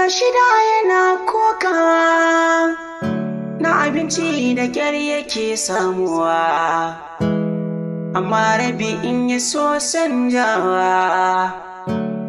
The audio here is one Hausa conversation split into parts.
ga shida yana koka na abinci da kyar yake samuwa amma rabi in ya so sanjawa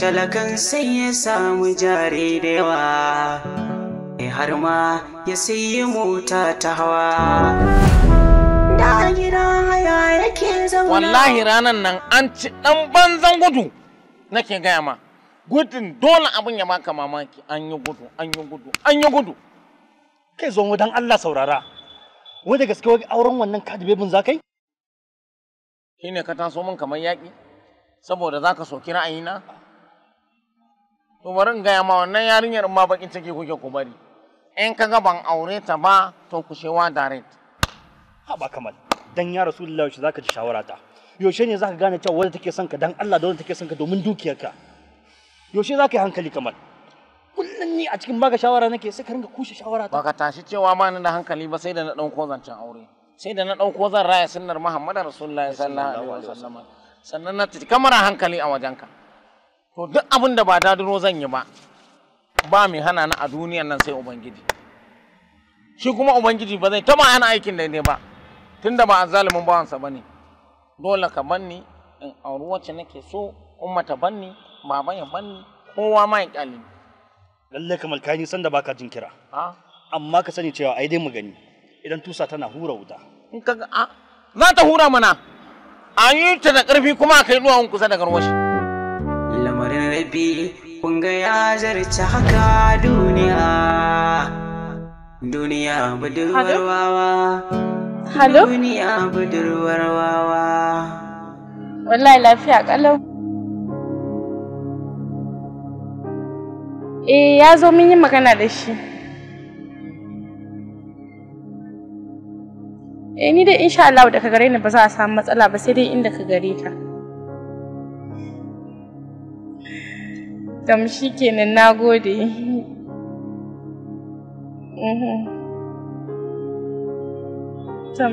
talakan sai ya samu jari da yawa e har ma ya sayi mota ta hawa Da gida wallahi ranan nan an ci dan banzan gudu nake gaya ma gudun dole abin ya maka mamaki an yi gudu an yi gudu an yi gudu kai zo dan Allah saurara wai da gaske wai auren wannan kadibebin za kai shine ka taso min kamar yaki saboda zaka soki ra'ayina to bari in gaya ma wannan yarinyar ma bakin take kuke ku bari in ka ga ban aure ta ba to ku shewa direct ha ba kamal dan ya rasulullahi zaka ji shawara ta yaushe ne zaka gane cewa wanda take son ka dan Allah da wanda take son ka domin dukiyarka yaushe za ka yi hankali kamar kullum ni a cikin baka shawara nake sai ka ringa kushe shawara ta baka tashi cewa ma ni da hankali ba sai da na ɗauko zancen aure sai da na ɗauko zan raya sunnar muhammadu rasulullahi sallallahu alaihi wasallam sannan na tafi kamar hankali a wajenka to duk abin da ba dadiro zan yi ba ba mai hana ni a duniyan nan sai ubangiji shi kuma ubangiji ba zai taba hana aikin da ne ba tunda ba zalumin bawansa ba ne. dole ka banni in auri wacce nake so ummata banni maman ya ban kowa ma ya kyale lalle kamal kayan san da baka jin kira amma ka sani cewa ai dai mu gani idan tusa tana hura wuta in ka a za ta hura mana an yi ta da karfi kuma kai duwawun kusa da garwashi lamarin rabi kun ga ya zarci haka duniya duniya budurwar wawa Duniya budurwar Wallahi lafiya kalau. eh ya zo mun yi magana da shi eh ni da insha Allah daga gare ni ba za a samu matsala ba sai dai inda ka gare ta dam shi kenan nagode. mhm tam